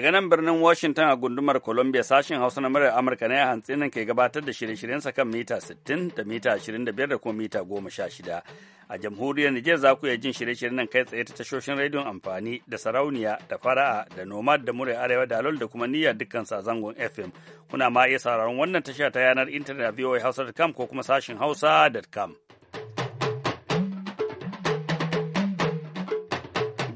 Daga nan birnin Washington a gundumar Columbia sashen Hausa na murar Amurka na hantsi nan ke gabatar da shirye-shiryensa kan mita 60 da mita 25 da kuma mita 16. A jamhuriyar Nijar za ku iya jin shirye-shiryen nan kai tsaye ta tashoshin rediyon amfani da sarauniya da fara'a da nomad da murai arewa da alol da kuma niyyar dukkan sa zangon FM. Kuna ma iya sauraron wannan tasha ta yanar intanet a voahausa.com ko kuma sashen hausa.com.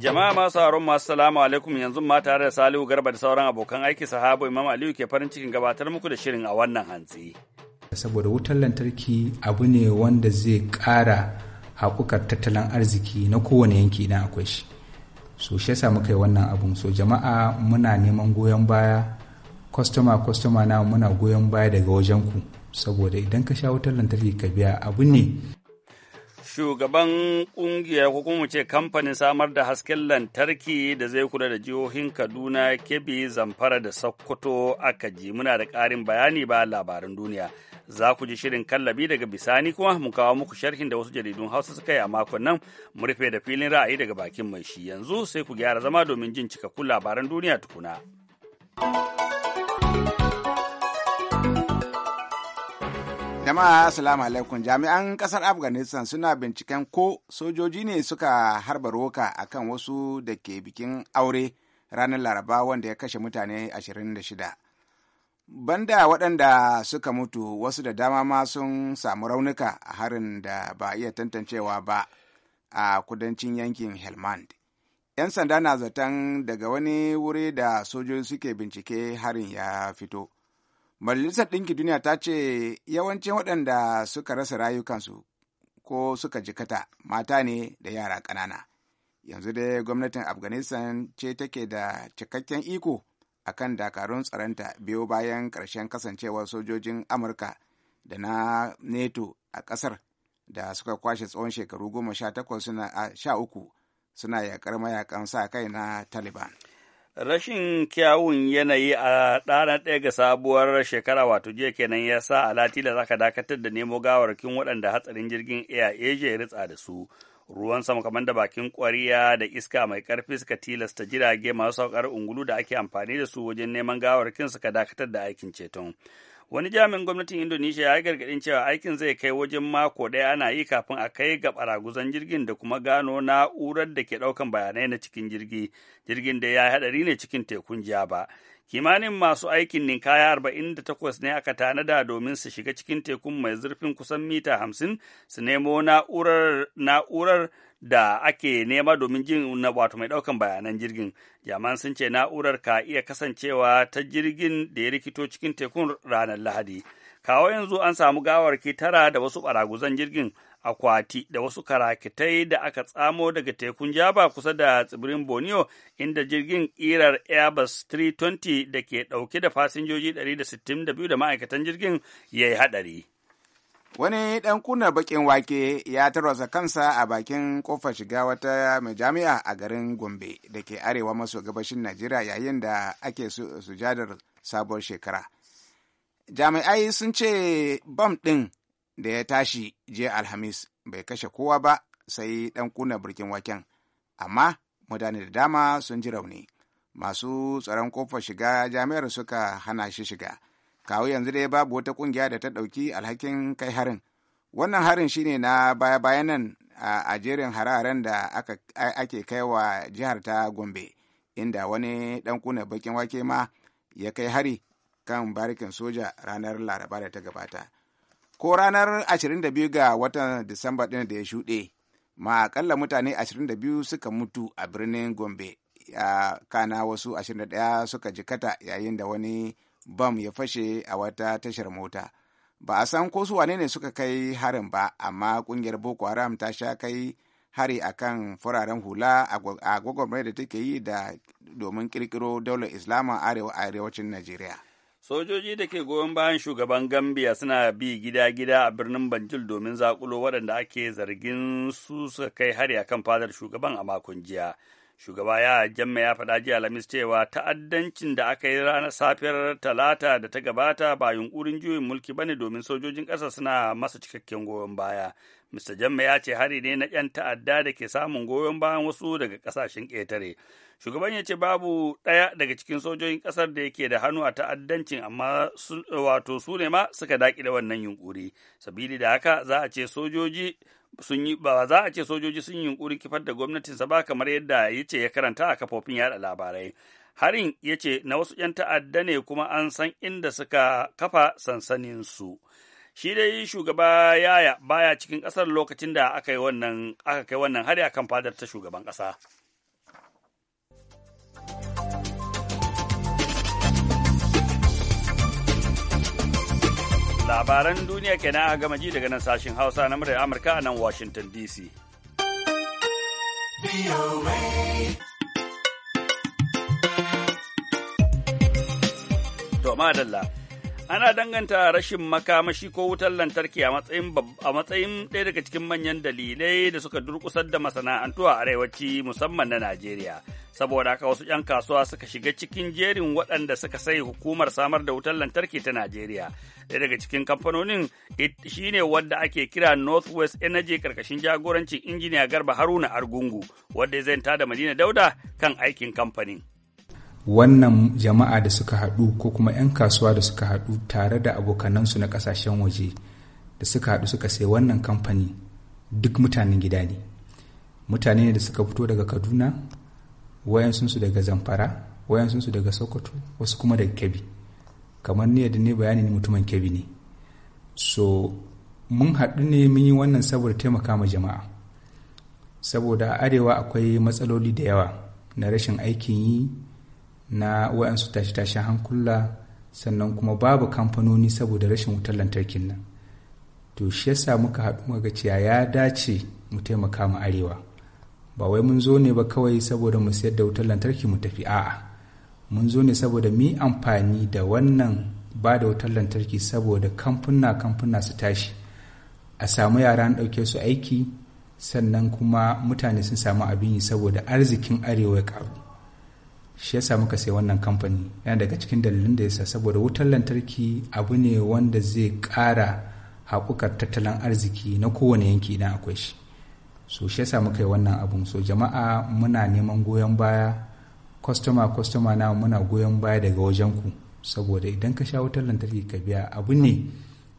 Jama'a masu haron masu salamu alaikum yanzu ma tare da Salihu Garba da sauran abokan aiki sahabo Imam Aliyu ke farin cikin gabatar muku da shirin a wannan hantsi. Saboda wutar lantarki abu ne wanda zai ƙara haɓukar tattalin arziki na kowane yanki idan akwai shi. So shi yasa muka yi wannan abun. So jama'a muna neman goyon baya, kwastoma kwastoma na muna goyon baya daga wajen ku. Saboda idan ka sha wutar lantarki ka biya abu ne shugaban kungiyar ko kuma ce kamfanin samar da hasken lantarki da zai kula da jihohin kaduna kebbi zamfara da sokoto aka ji muna da ƙarin bayani ba labaran duniya za ku ji shirin kallabi daga bisani kuma mu kawo muku sharhin da wasu jaridun hausa suka yi a makon nan mu rufe da filin ra'ayi daga bakin mai shi yanzu sai ku gyara zama domin jin cikakkun labaran duniya tukuna. Jama'a Assalamu alaikum jami'an kasar Afghanistan suna binciken ko sojoji ne suka harba roka akan wasu da ke bikin aure ranar Laraba wanda ya kashe mutane 26. Banda waɗanda suka mutu wasu da dama ma sun samu raunuka a harin da ba iya tantancewa ba a kudancin yankin Helmand. 'Yan sanda na zaton daga wani wuri da sojoji suke bincike harin ya fito. Majalisar Ɗinki Duniya ta ce yawancin waɗanda suka rasa rayukansu ko suka jikata mata ne da yara ƙanana. Yanzu dai gwamnatin Afghanistan ce take da cikakken iko a kan dakarun tsaronta biyo bayan ƙarshen kasancewar sojojin Amurka da na NATO a ƙasar da suka kwashe tsawon shekaru goma sha takwas suna uku suna yaƙar mayakan sa kai na Taliban. rashin kyawun yanayi a ɗana ɗaya ga sabuwar shekara wato jiya kenan ya sa alatila zaka dakatar da nemo gawarkin waɗanda hatsarin jirgin air asia ya ritsa da su ruwan sama kamar da bakin kwariya da iska mai karfi suka tilasta jirage masu saukar ungulu da ake amfani da su wajen neman gawarkin suka dakatar da aikin ceton wani jami'in gwamnatin indonesia ya gargadin cewa aikin zai kai wajen mako ɗaya ana yi kafin a kai ga baraguzan jirgin da kuma gano na'urar da ke ɗaukan bayanai na cikin jirgi jirgin da ya haɗari ne cikin tekun jaba kimanin masu aikin ninkaya arba'in da takwas ne aka tanada domin su shiga cikin tekun mai zurfin kusan mita 50 su nemo na'urar, da ake nema domin jin na wato mai daukan bayanan jirgin jaman sun ce na'urar ka iya kasancewa ta jirgin da ya rikito cikin tekun ranar lahadi kawo yanzu an samu gawarki tara da wasu baraguzan jirgin akwati da wasu karakitai da aka tsamo daga tekun Jaba kusa da tsibirin Borneo inda jirgin ƙirar Airbus 320 da ke ɗauke da fasinjoji 162 da ma'aikatan jirgin ya yi haɗari. Wani ɗan kunar bakin wake ya tarwasa kansa a bakin ƙofar shiga wata majami'a a garin Gombe da ke arewa maso gabashin Najeriya yayin da ake sujadar sabuwar shekara. Jami'ai sun ce bam ɗin da ya tashi je alhamis bai kashe kowa ba sai ɗan kuna birkin waken amma mutane da dama sun ji rauni masu tsaron kofar shiga jami'ar suka hana shi shiga kawo yanzu dai babu wata kungiya da ta ɗauki alhakin kai harin wannan harin shine na baya bayan nan a jerin hararen da ake kai wa jihar ta gombe inda wani ɗan kuna bakin wake ma ya kai hari kan barikin soja ranar laraba da ta gabata ko ranar 22 ga watan Disamba ɗin da ya shuɗe, ma akalla mutane 22 suka mutu a birnin Gombe, ya kana wasu 21 suka jikata yayin da wani bam ya fashe a wata tashar mota. Ba a san ko su wane ne suka kai harin ba, amma ƙungiyar Boko Haram ta sha kai hari a kan fararen hula a gwagwarmar da take yi da domin ƙirƙiro daular Islam a arewacin Najeriya. Sojoji da ke goyon bayan shugaban Gambia suna bi gida-gida a birnin Banjul domin zakulo waɗanda ake zargin su suka kai hari akan fadar shugaban a makon jiya. Shugaba ya jamma ya faɗa jiya lamis cewa ta'addancin da aka yi ranar safiyar Talata da ta gabata ba yunkurin juyin mulki ba ne domin sojojin ƙasa suna masa cikakken goyon baya. Mr. Jamma ya ce hari ne na 'yan ta'adda da ke samun goyon bayan wasu daga ƙasashen ƙetare. shugaban ya ce babu ɗaya daga cikin sojojin ƙasar da yake da hannu a ta'addancin amma wato su ne ma suka daƙi da wannan yunƙuri sabili da haka za a ce sojoji sun yi ba za a ce sojoji sun yi yunƙuri kifar da gwamnatinsa ba kamar yadda ya ce ya karanta a kafofin yaɗa labarai harin ya ce na wasu 'yan ta'adda ne kuma an san inda suka kafa sansaninsu. su shi dai shugaba yaya baya cikin ƙasar lokacin da aka aka kai wannan hari akan fadar ta shugaban ƙasa Labaran duniya kenan a gama ji daga nan sashin Hausa na muryar Amurka a nan Washington DC. To madalla. ana danganta rashin makamashi ko wutar lantarki a matsayin a matsayin ɗaya daga cikin manyan dalilai da suka durkusar da masana'antu a arewaci musamman na Najeriya. Saboda haka wasu 'yan kasuwa suka shiga cikin jerin waɗanda suka sai hukumar samar da wutar lantarki ta Najeriya. Ɗaya daga cikin kamfanonin shine wadda ake kira North-West Energy karkashin jagorancin injiniya Garba Haruna Argungu, wadda ya zanta da Madina Dauda kan aikin kamfanin. wannan jama'a da suka haɗu ko kuma 'yan kasuwa da suka haɗu tare da abokanansu na ƙasashen waje da suka haɗu suka sai wannan kamfani duk mutanen gida ne mutane ne da suka fito daga kaduna wayansunsu daga zamfara wayansunsu daga sokoto wasu kuma daga kebbi kamar ne da ne bayani ne mutumin kebbi ne so mun haɗu ne mun yi wannan saboda taimaka ma jama'a saboda arewa akwai matsaloli da yawa na rashin aikin yi na waɗansu tashe-tashen hankula sannan kuma babu kamfanoni saboda rashin wutar lantarkin nan to shi yasa muka haɗu muka cewa ya dace mu taimaka mu arewa ba wai mun zo ne ba kawai saboda mu sayar da wutar lantarki mu tafi a'a mun zo ne saboda mi amfani da wannan ba da wutar lantarki saboda kamfuna kamfuna su tashi a samu yara an ɗauke su aiki sannan kuma mutane sun samu abin yi saboda arzikin arewa ya ƙaru shi yasa muka sai wannan kamfani yana daga cikin dalilin da yasa saboda wutar lantarki abu ne wanda zai ƙara haƙuƙar tattalin arziki na kowane yanki idan akwai shi so shi yasa muka yi wannan abun so jama'a muna neman goyon baya kwastoma kwastoma na muna goyon baya daga wajen ku saboda idan ka sha wutar lantarki ka biya abu ne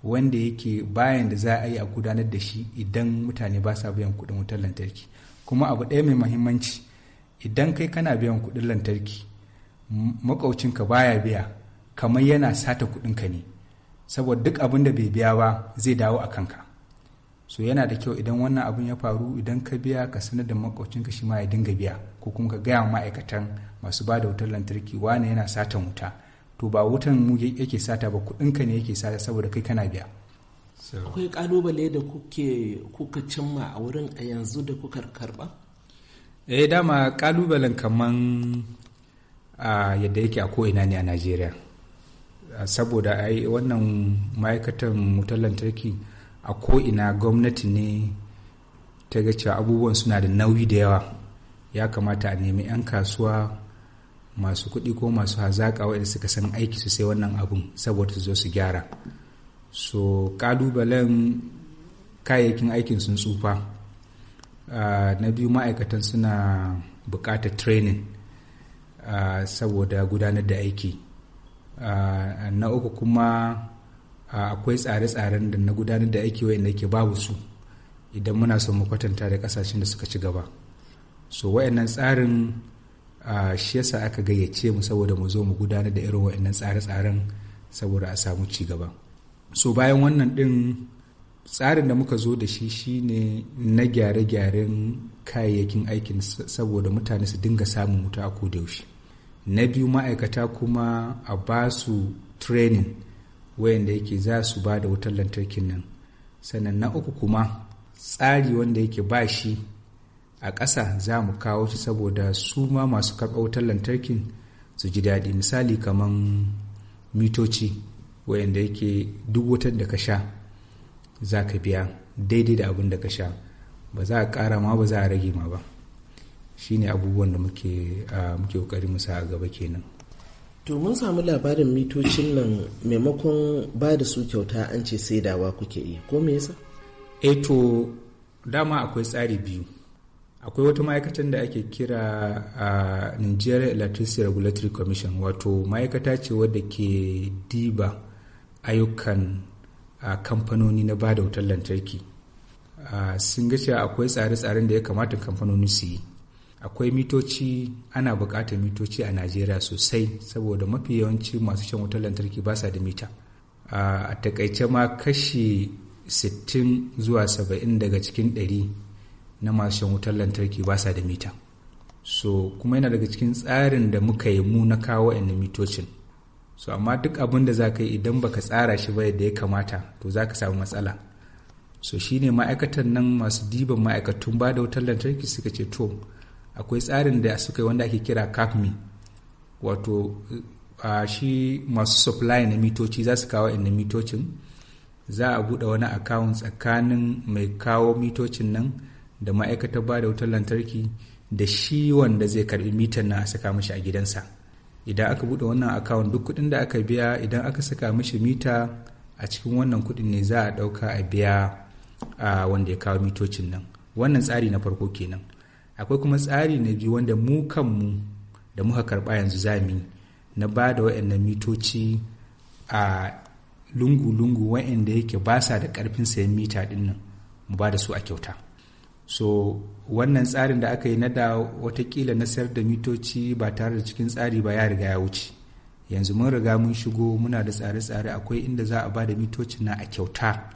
wanda yake bayan da za a yi a gudanar da shi idan mutane ba sa biyan kuɗin wutar lantarki kuma abu ɗaya mai muhimmanci. idan kai kana biyan kuɗin lantarki makaucinka baya biya kamar yana sata kuɗinka ne saboda duk abin da bai biya ba zai dawo a kanka so yana da kyau idan wannan abin ya faru idan ka biya ka sanar da makaucinka shi ma ya dinga biya ko kuma ka gaya ma'aikatan masu ba da wutar lantarki wane yana satan wuta to ba wutan mu yake sata ba kuɗinka ne yake sata saboda kai kana biya akwai kalubale da kuka cimma a wurin a yanzu da kuka karba eh dama kalubalen kaman a yadda yake a ko'ina ne a najeriya saboda ai wannan ma'aikatan wutar lantarki a ko'ina gwamnati ne ta ga cewa abubuwan suna da nauyi da yawa ya kamata a nemi 'yan kasuwa masu kuɗi ko masu hazaƙa waɗanda suka san aiki su sai wannan abun saboda su zo su gyara so ƙalubalen kayayyakin aikin sun tsufa Ah, na biyu ma'aikatan suna buƙatar training ah, saboda gudanar da aiki ah, na uku kuma akwai tsare-tsaren da na gudanar da aiki wayanda ke babu su idan muna so mu kwatanta da kasashen da suka ci gaba so wayannan tsarin shi yasa aka gayyace mu saboda mu zo mu gudanar da irin wayannan tsare-tsaren saboda a samu ci gaba so bayan wannan din tsarin da muka zo da shi shine na gyare-gyaren kayayyakin aikin saboda mutane su dinga samun wuta a yaushe na biyu ma'aikata kuma a ba su training wayanda yake za su ba da wutar lantarkin nan sannan na uku kuma tsari wanda yake ba shi a ƙasa za mu kawo shi saboda su ma masu karɓar wutar lantarkin su ji daɗi misali kamar mitoci wayanda yake duk wutar da ka sha za ka biya daidai da abin da ka sha ba za a ƙara ma ba za a rage ma ba Shi ne abubuwan da muke ƙoƙari musa a gaba kenan to mun samu labarin mitocin nan maimakon ba da su kyauta an ce saidawa kuke yi ko me yasa eh to dama akwai tsari biyu akwai wata ma'aikatan da ake kira a nigeria electricity regulatory commission wato ma'aikata ce wadda ke diba ayyukan a kamfanoni na ba da wutar lantarki sun ga cewa akwai tsare-tsaren da ya kamata kamfanoni su yi akwai mitoci ana buƙatar mitoci a najeriya sosai saboda mafi yawanci masu shan wutar lantarki ba sa da mita a takaice ma kashi 60 zuwa 70 daga cikin 100 na masu shan wutar lantarki ba sa da mita so kuma yana daga cikin tsarin da muka yi mu na kawo mitocin. so amma duk abin da za ka yi idan baka tsara shi ba yadda ya kamata to za ka samu matsala so shine ma'aikatan nan masu diban ma'aikatun ba da wutar lantarki suka ce to akwai tsarin da suka yi wanda ake kira kafmi wato a shi masu supply na mitoci za su kawo inda mitocin za a buɗe wani akawun tsakanin mai kawo mitocin nan da ma'aikatar ba da wutar lantarki da shi wanda zai karbi mitan na saka mashi a gidansa idan aka buɗe wannan akawun duk kuɗin da aka biya idan aka saka mishi mita a cikin wannan kuɗin ne za a ɗauka a biya a wanda ya kawo mitocin nan wannan tsari na farko kenan akwai kuma tsari na biyu wanda mu kanmu da muka karɓa yanzu zami na ba da wa'annan mitoci a lungu-lungu wa'anda yake ba sa da karfin sayan mita ɗinnan mu ba da su a kyauta so wannan tsarin da aka yi na da watakila na sayar da mitoci ba tare da cikin tsari ba ya riga ya wuce yanzu mun riga mun shigo muna da tsare-tsare akwai inda za a ba da mitocin na a kyauta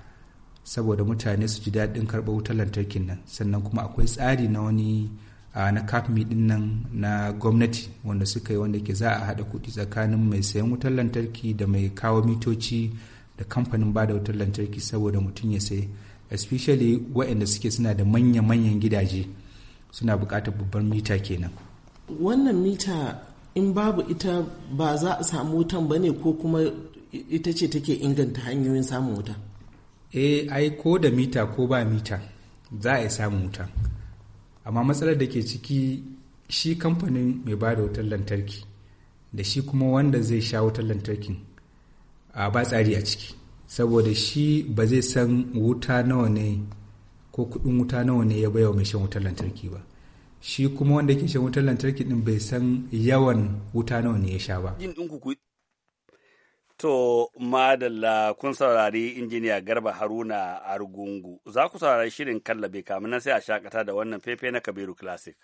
saboda mutane su ji daɗin karɓar wutar lantarkin nan sannan kuma akwai tsari na wani na kafmi ɗin nan na gwamnati wanda suka yi wanda ke za a haɗa kuɗi tsakanin mai sayan wutar lantarki da mai kawo mitoci da kamfanin ba da wutar lantarki saboda mutum ya sai especially waɗanda suke suna da manya-manyan gidaje suna buƙatar babbar mita kenan wannan mita in babu ita ba za a samu wutan ba ne ko kuma ita ce take inganta hanyoyin samun wuta eh ai ko da mita ko ba mita za a yi samun wuta amma matsalar da ke ciki shi kamfanin mai ba da wutar lantarki da shi kuma wanda zai sha wutar lantarkin ah, ba tsari a ciki saboda shi ba zai san wuta nawa ne ko kudin wuta nawa ne ya bai wa mai shan wutar lantarki ba shi kuma wanda ke shan wutar lantarki din bai san yawan wuta nawa ne ya sha ba To, madalla kun saurari injiniya Garba Haruna Argungu, za ku saurari shirin kallabe kamin nan sai a shakata da wannan fefe na Kabiru Classic.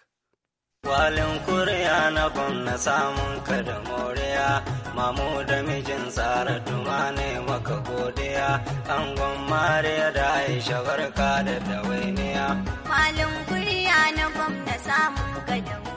Walin kuriya na gwamna samun ka da moriya, mamu da mijin tsara tuma ne maka godiya, angon mariya da aisha barka da dawainiya. Walin kuriya na gwamna samun ka da moriya.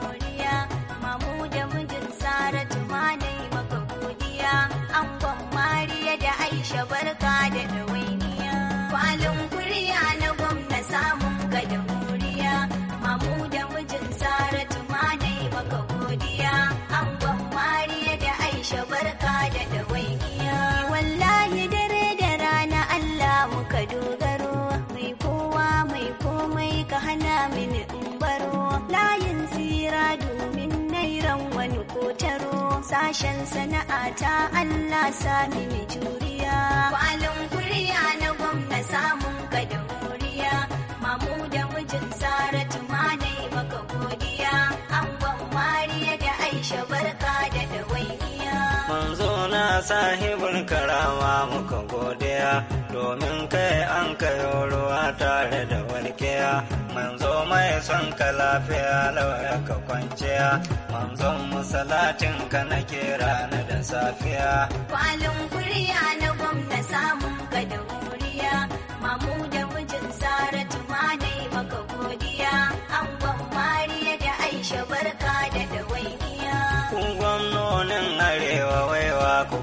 sashen sana'a ta Allah sami mai juriya. Kwalin kuriya na gwamna samun gadon sahibin karama muka godiya domin kai an kayo ruwa tare da walkiya manzo mai son ka lafiya lawaya ka kwanciya manzon musalatin ka na kira na da safiya kwalin kuriya na gwamna samun ka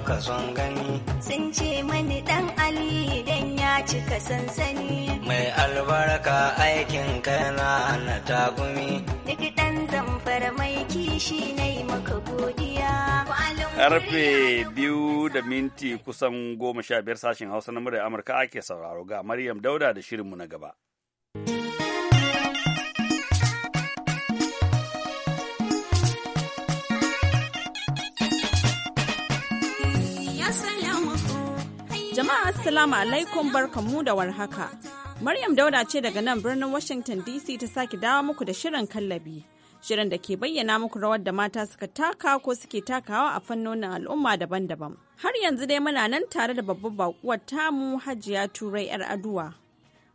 ka son gani sun ce mani ɗan ali dan ya cika sansani mai albarka aikin kana na tagumi duk dan zamfar mai kishi na yi maka godiya karfe biyu da minti kusan goma sha biyar sashen hausa na murya amurka ake sauraro ga maryam dauda da shirinmu na gaba Jama'a Assalamu alaikum barkamu da warhaka. Maryam Dauda ce daga nan birnin Washington DC ta sake dawo muku da shirin kallabi. Shirin da ke bayyana muku rawar da mata suka taka ko suke takawa a fannonin al'umma daban-daban. Har yanzu dai muna nan tare da babbar bakuwar tamu Hajiya Turai 'yar aduwa.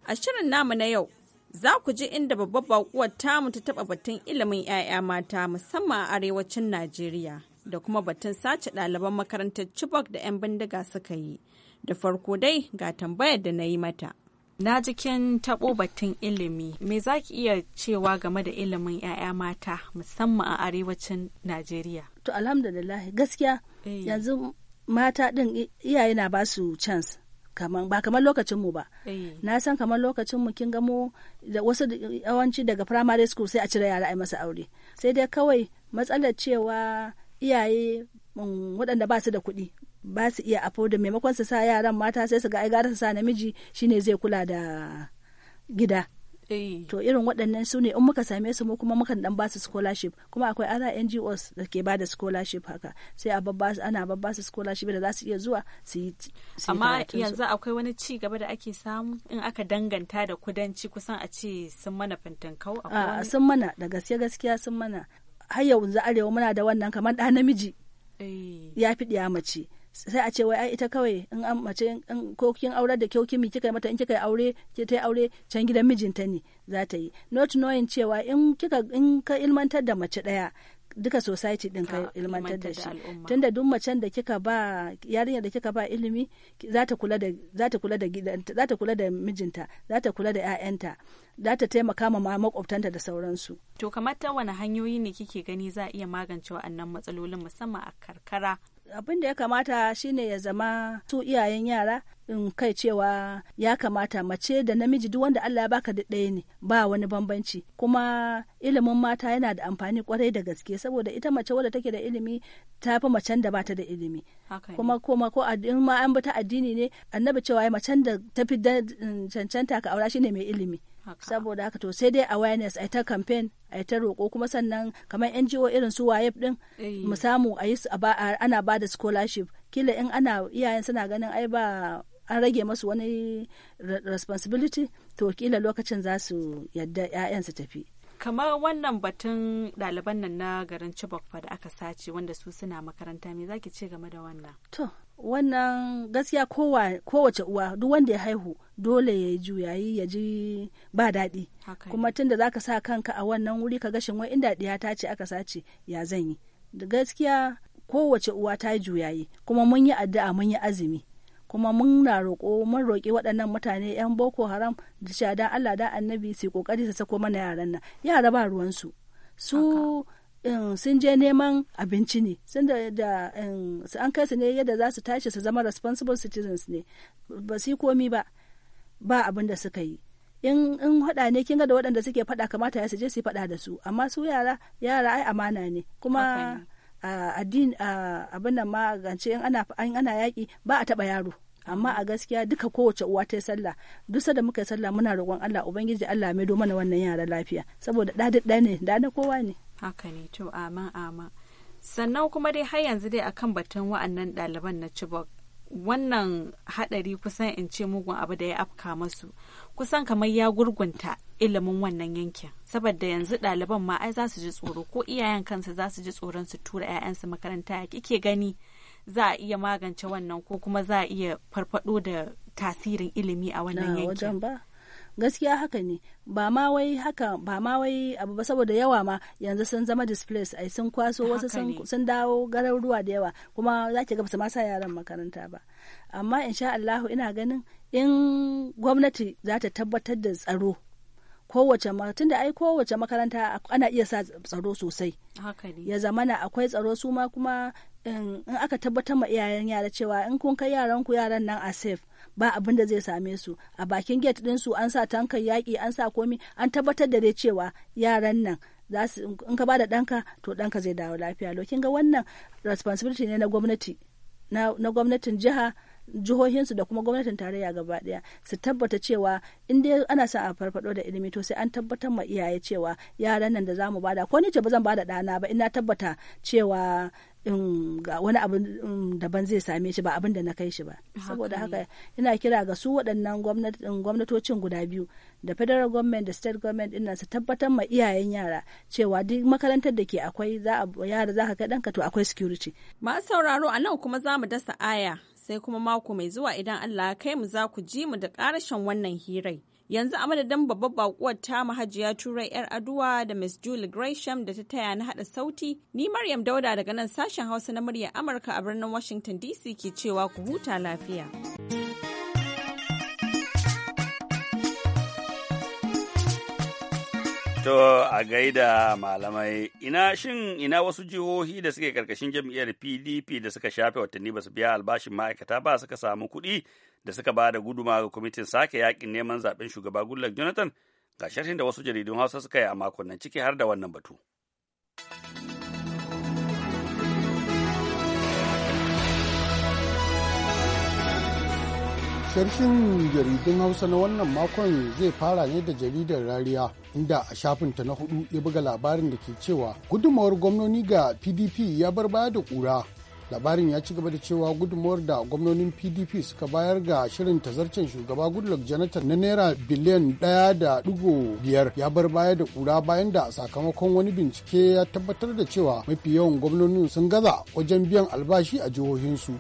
A shirin namu na yau, za ku ji inda babbar bakuwar tamu ta taɓa batun ilimin 'ya'ya mata musamman a arewacin Najeriya da kuma batun sace ɗaliban makarantar Chibok da 'yan bindiga suka yi. Da farko dai ga tambayar da na yi mata. Na jikin taɓo batun ilimi, me za ki iya cewa game da ilimin 'ya'ya mata musamman a arewacin Najeriya? To alhamdulillah gaskiya eh. yanzu mata ɗin iyaye na basu su chance. kaman ba kamar lokacinmu ba eh. na san kamar lokacinmu kin gamo da wasu yawanci daga primary school sai a cire yara a masa aure sai dai kawai matsalar cewa iyaye mm, waɗanda ba su da kuɗi ba su iya afo da maimakon su sa yaran mata sai su ga ai gara su sa namiji shine zai kula da gida eh. to irin waɗannan su ne in muka same su mu kuma mukan dan su scholarship kuma akwai other NGOs da ke bada scholarship haka sai a babba ana babba su scholarship da za su iya zuwa su yi amma yanzu akwai wani ci gaba da ake samu in aka danganta da kudanci kusan a ce sun mana fintinkau a sun mana da gaskiya gaskiya sun mana har yanzu arewa muna da wannan kamar ɗa namiji eh. ya fi ɗiya mace sai a ce wai ai ita kawai in an mace ko kin aure da kyau kimi kika mata in kika aure ki ta aure can gidan mijinta ne za ta yi not knowing cewa in kika in ka ilmantar da mace daya duka society din ka ilmantar da shi tunda duk macen da kika ba yarinya da kika ba ilimi za ta kula da za ta kula da gidanta za ta kula da mijinta za ta kula da ƴaƴanta za ta taimaka ma makwabtanta da sauransu to kamar ta wani hanyoyi ne kike gani za a iya magance wa'annan matsalolin musamman a karkara abin da ya kamata shine ya zama su iyayen yara in kai cewa ya kamata mace da namiji duk wanda Allah ya baka da ɗaya ne ba wani bambanci kuma ilimin mata yana da amfani kwarai da gaske saboda ita mace wadda take da ilimi ta fi macen da bata da ilimi kuma kuma ko in ma an bi ta addini ne annabi cewa macen da tafi fi mm, cancanta ka aura shine mai ilimi saboda haka to sai dai awareness a ta campaign a ta roƙo kuma sannan kamar NGO irin su wayef din eh. mu samu a yi ana ba da scholarship kila in ana iyayen suna ganin ai ba an rage masu wani responsibility to kila lokacin za su yadda 'ya'yan su tafi kamar wannan batun ɗaliban nan na garin Chibok fa da aka sace wanda su suna makaranta me zaki ce game da wannan to wannan gaskiya kowace uwa duk wanda ya haihu dole ya juyayi ya ji ba daɗi kuma tun da zaka sa kanka a wannan wuri ka gashin wai inda ɗiya ta ce aka sace ya zan yi da gaskiya kowace uwa ta juyayi kuma mun yi addu'a mun yi azumi kuma mun na roƙo mun roƙi waɗannan mutane yan boko haram da shaidan Allah da annabi su kokari su sako mana yaran nan yara ba ruwansu su Um, sun je neman abinci ne sun da um, an kai su ne yadda za su tashi su zama responsible citizens ne ba su yi komi ba ba abin da suka yi in in faɗa ne kin ga da waɗanda suke faɗa kamata ya su je su faɗa da su amma su yara yara ai amana ne kuma addini abin nan ma gance in ana in ana yaki ba a taɓa yaro amma a gaskiya duka kowace uwa ta yi sallah duk da muka yi sallah muna roƙon Allah ubangiji Allah mai do mana wannan yara lafiya saboda ɗa ne da na kowa ne haka ne to amin amin sannan kuma dai har yanzu dai akan batun wa'annan ɗaliban na Chibok wannan haɗari kusan in ce mugun abu da ya afka masu kusan kamar ya gurgunta ilimin wannan yankin saboda yanzu ɗaliban ma ai za su ji tsoro ko iyayen kansu za su ji tsoron su tura 'ya'yansu makaranta ya kike gani za a iya magance wannan ko kuma za a iya farfado da tasirin ilimi a wannan yankin gaskiya haka ne ba ma wai haka ba ma wai abu ba saboda yawa ma yanzu sun zama displaced ai sun kwaso wasu sun dawo garuruwa da yawa kuma za ki ga ba sa yaran makaranta ba amma insha Allah ina ganin in gwamnati za ta tabbatar da tsaro kowace tun da ai kowace makaranta ana iya sa tsaro sosai ya zamana akwai tsaro su ma kuma in aka tabbatar ma iyayen yara cewa in kun kai yaran ku yaran nan a safe ba abin da zai same su a bakin gate din su an sa tankan yaƙi an sa komi an tabbatar da dai cewa yaran nan za su in ka bada ɗanka to ɗanka zai dawo lafiya lokin ga wannan responsibility ne na gwamnati na, gwamnatin jiha jihohinsu da kuma gwamnatin tarayya gaba daya su tabbata cewa in dai ana son a farfado da ilimi to sai an tabbatar ma iyaye cewa yaran nan da zamu bada ko ni ce ba zan bada ɗana ba ina tabbata cewa ga wani abu daban zai same shi ba abin da na kai shi ba saboda haka ina kira ga su waɗannan gwamnatocin guda biyu da federal government da state government ina su tabbatar ma iyayen yara cewa duk makarantar da ke akwai yara za ka ɗanka to akwai security masu sauraro a nan kuma za mu dasa aya sai kuma mako mai zuwa idan Allah ya kai mu za ku ji mu da ƙarashin wannan hirai yanzu a madadin babbar bakuwar ta mahajiya turai yar aduwa da miss julie gresham da ta taya na hada sauti ni maryam dauda daga nan sashen hausa na muryar amurka a birnin washington dc ke cewa ku huta lafiya To a gaida malamai, ina shin ina wasu jihohi da suke karkashin jam'iyyar PDP da suka shafe watanni ba su biya albashin ma'aikata ba suka samu kuɗi da suka ba da guduma ga kwamitin sake yakin neman zaben shugaba Goodluck Jonathan ga sharhin da wasu jaridun Hausa suka yi a makonnan ciki har da wannan batu. Sharshin jaridun Hausa na wannan makon zai fara ne da jaridar rariya inda a shafinta na hudu ya buga labarin da ke cewa gudunmawar gwamnoni ga PDP ya bar baya da kura labarin ya ci gaba da cewa gudunmuwar da gwamnonin pdp suka bayar ga shirin tazarcen shugaba goodluck jonathan na naira biliyan ɗaya da digo biyar ya bar baya da kura bayan da sakamakon wani bincike ya tabbatar da cewa mafi yawan gwamnonin sun gaza wajen biyan albashi a jihohinsu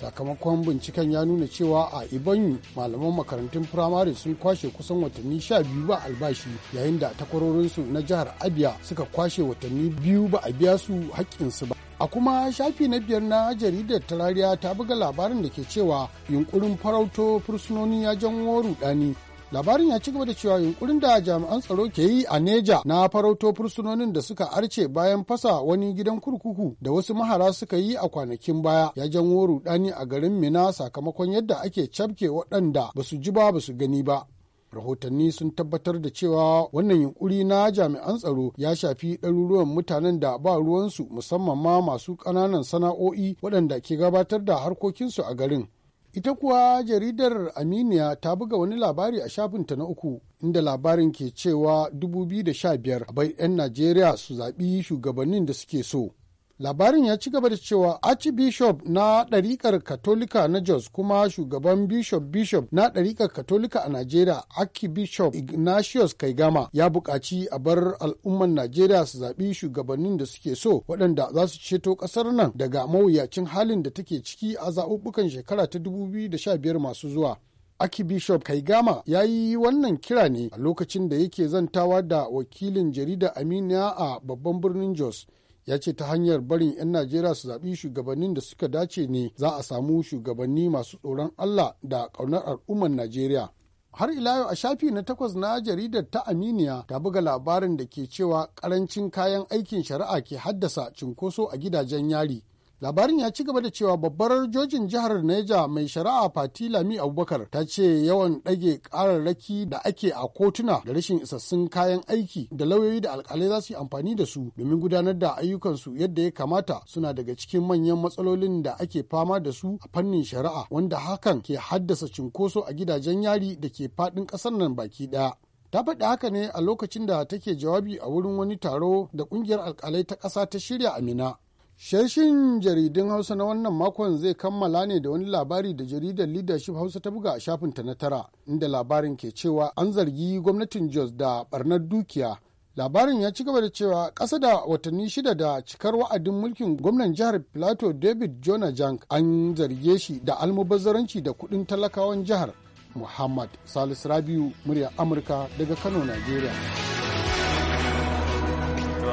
sakamakon binciken ya nuna cewa a ibanyu malaman makarantun firamare sun kwashe kusan watanni sha biyu ba albashi yayin da takwarorinsu na jihar abia suka kwashe watanni biyu ba a biya su haƙƙinsu ba a kuma shafi na biyar na jaridar tarariya ta buga labarin da ke cewa yunkurin farauto fursunoni ya janwo rudani labarin ya ci gaba da cewa yunkurin da jami'an tsaro ke yi a neja na farauto fursunonin da suka arce bayan fasa wani gidan kurkuku da wasu mahara suka yi a kwanakin baya ya janwo rudani a garin mina sakamakon yadda ake cafke waɗanda ba su ji ba ba su gani ba rahotanni sun tabbatar da cewa wannan yunkuri na jami'an tsaro ya shafi ɗaruruwan mutanen da ba ruwansu musamman ma masu ƙananan sana'o'i waɗanda ke gabatar da harkokinsu a garin ita kuwa jaridar aminiya ta buga wani labari a shafinta na uku inda labarin ke cewa 2015 bai 'yan najeriya su zaɓi shugabannin da suke so labarin ya ci gaba da cewa archbishop na ɗarikar katolika na jos kuma shugaban bishop bishop na ɗarikar katolika a najeriya archbishop ignatius kaigama ya buƙaci a bar al'umman najeriya su zaɓi shugabannin da suke so waɗanda za su ceto ƙasar nan daga mawuyacin halin da take ciki a zaɓuɓɓukan shekara ta 2015 masu zuwa Archbishop Kaigama ya yi wannan kira ne a lokacin da yake zantawa da wakilin jarida Aminiya a babban birnin Jos ya ce ta hanyar barin 'yan najeriya su zaɓi shugabannin da suka dace ne za a samu shugabanni masu tsoron allah da ƙaunar al'ummar najeriya har ila yau a shafi na takwas na jaridar ta aminiya ta buga labarin da ke cewa ƙarancin kayan aikin shari'a ke haddasa cinkoso a gidajen yari labarin ya ci gaba da cewa babbar jojin jihar neja mai shari'a fati lami abubakar ta ce yawan ɗage ƙararraki da ake a kotuna da rashin isassun kayan aiki da lauyoyi da alkalai za su yi amfani da su domin gudanar da ayyukansu yadda ya kamata suna daga cikin manyan matsalolin da ake fama da su a fannin shari'a wanda hakan ke haddasa cunkoso a gidajen yari da ke faɗin ƙasar nan baki ɗaya ta faɗi haka ne a lokacin da take jawabi a wurin wani taro da ƙungiyar alkalai ta ƙasa ta shirya a Minna. Sheshin jaridun Hausa na wannan makon zai kammala ne da wani labari da jaridar Leadership Hausa ta buga a shafinta na tara, inda labarin ke cewa an zargi gwamnatin Jos da barnar dukiya. Labarin ya ci gaba da cewa ƙasa da watanni shida da cikar wa'adin mulkin gwamnan jihar Plateau David Jonah Jank an zarge shi da almubazzaranci da kuɗin talakawan jihar. Muhammad Salisu Rabiu, murya Amurka daga Kano, Najeriya.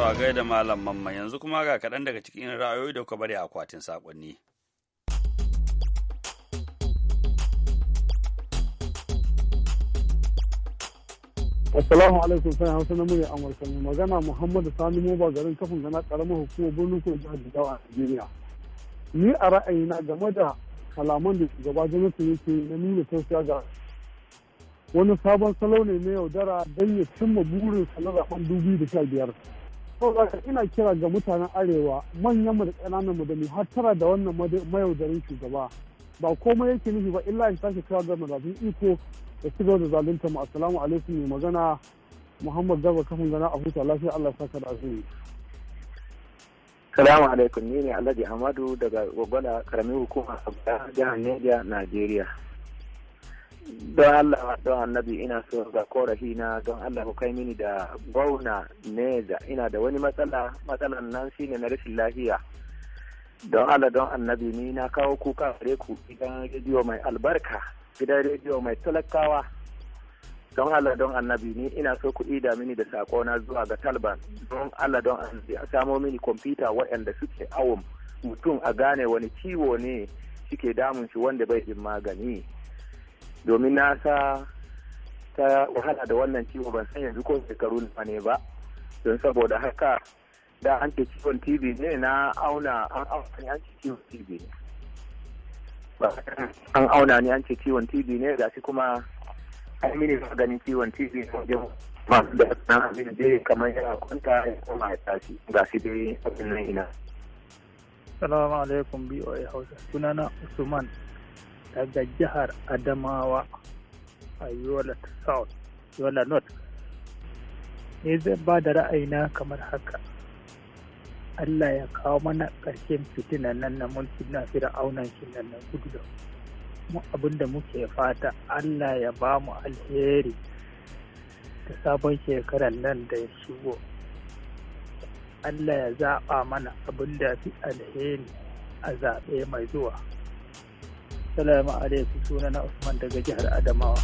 a da malam mamma yanzu kuma ga kaɗan daga cikin ra'ayoyi da kuka bari a akwatin saƙonni. Assalamu alaikum sai Hausa na murya Amurka magana Muhammadu Sani Moba garin kafin gana karamar hukumar birnin Kudu jihar Jigawa a Najeriya. Ni a ra'ayina game da kalaman da shugaba gwamnati yake na nuna tausiya ga wani sabon salo ne na yaudara don ya cimma burin na zaben dubu da sha biyar. saboda ina kira ga mutanen arewa manyan da mu da mu hattara da wannan mayaudarin shugaba ba komai yake nufi ba illa in sake kira ga mazafin iko da ci gaba da zalunta mu assalamu alaikum mai magana muhammad garba kafin gana a huta lafiya allah ya saka da azumi salamu alaikum ni ne alhaji amadu daga gwagwala karamin hukumar abuja jihar niger najeriya don Allah don annabi ina so ga korafi na don Allah ku kai mini da bauna neza ina da wani matsala matsalan nan shine na rashin lafiya don Allah don annabi ni na kawo kuka fare ku gidan rediyo mai albarka gidan rediyo mai talakawa don Allah don annabi ni ina so ku ida mini da sako na zuwa ga Talban don Allah don annabi a samo mini kwamfuta waɗanda suke awon mutum a gane wani ciwo ne suke damun shi wanda bai jin magani domin na sa ta wahala da wannan ciwo ban san yanzu ko shekaru na ne ba don saboda haka da an ke ciwon tv ne na auna an auna an ke ciwon tv ne an auna ne an ke ciwon tv ne ga shi kuma an mini maganin ciwon tv ne wajen masu da na abin da kamar yana kwanta ya koma ya tashi ga shi dai abin nan ina. Salamu alaikum BOA Hausa. Sunana Usman daga jihar Adamawa a Yola South, Yola North. Ne zai ba da ra'ayina kamar haka. Allah ya kawo mana ƙarshen fitinan nan na mulkin na fir'aunan shi nan na gudu da mu abinda muke fata Allah ya ba mu alheri da sabon shekarar nan da ya shigo. Allah ya zaɓa mana abin da fi alheri a zaɓe mai zuwa. Assalamu alaikum sunana Usman daga jihar Adamawa.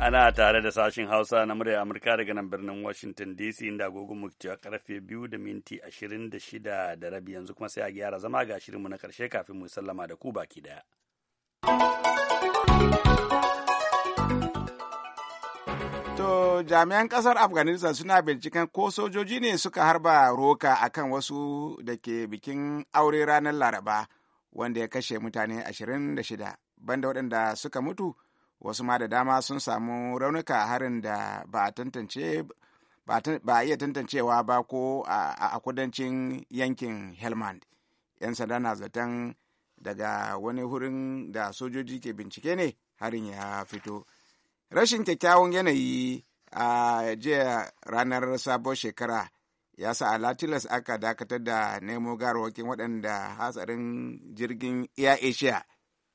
Ana tare da sashen Hausa na murya Amurka daga nan birnin Washington DC inda agogon mu a karfe biyu da minti ashirin da rabi yanzu kuma sai a gyara zama ga shirinmu na karshe kafin mu sallama da ku baki daya. To jami'an kasar Afghanistan suna binciken ko sojoji ne suka harba roka akan wasu da ke bikin aure ranar Laraba. wanda ya kashe mutane 26 banda waɗanda suka mutu wasu ma da dama sun samu raunuka harin da ba a iya tantancewa ba ko a kudancin yankin helmand 'yan sanda na zaton daga wani hurin da sojoji ke bincike ne harin ya fito rashin kyakkyawan yanayi a jiya ranar sabon shekara ya sa a latilas aka dakatar da nemo garwakin waɗanda hatsarin jirgin air asia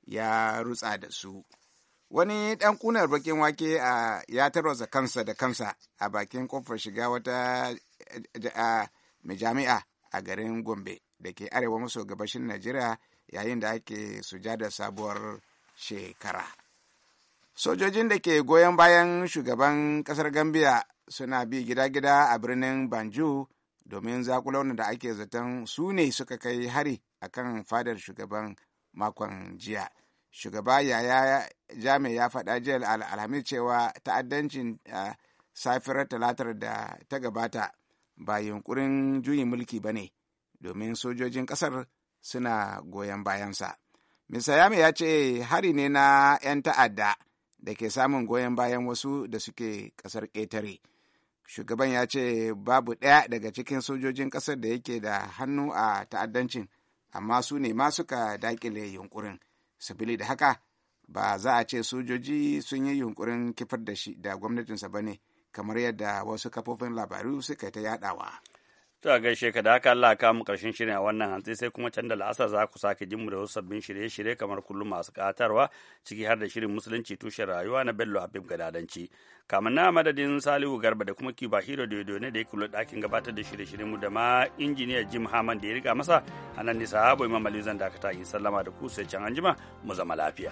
ya rutsa da su wani ɗan kunar bakin wake ya tarwasa kansa da kansa a bakin kofar shiga wata eh, jami'a a garin gombe da ke arewa maso gabashin najeriya yayin da ake sujada sabuwar shekara sojojin da ke goyon bayan shugaban kasar gambia suna bi gida-gida a birnin banjo domin zakulaunin da ake zaton su ne suka kai hari a kan fadar shugaban makon jiya shugaba yaya jami ya faɗa jiya alhamis cewa ta'addancin safirar talatar da ta gabata ba yunkurin juyin mulki ba ne domin sojojin ƙasar suna goyon bayansa misayami ya ce hari ne na 'yan ta'adda da ke samun goyon bayan wasu da suke ƙasar ƙetare. shugaban ya ce babu ɗaya daga cikin sojojin ƙasar da yake da hannu a ta'addancin amma su ne ma suka daƙile yunkurin sabili da haka ba za a ce sojoji sun yi yunkurin kifar da shi da gwamnatinsa ba ne kamar yadda wasu kafofin labaru suka ta yaɗawa. To gaishe ka da haka Allah ka mu karshen shirin a wannan hantsi sai kuma can da la'asar za ku sake jin mu da wasu sabbin shirye-shirye kamar kullum masu katarwa ciki har da shirin musulunci tushen rayuwa na Bello Habib Gadadanci. Kamar na madadin Salihu Garba da kuma Kiba Hiro Yodo ne da ya kula ɗakin gabatar da shirye shirye mu da ma injiniya Jim Haman da ya riga masa a nan nisa sahabo Imam Ali zan dakata yi sallama da ku sai can anjima mu zama lafiya.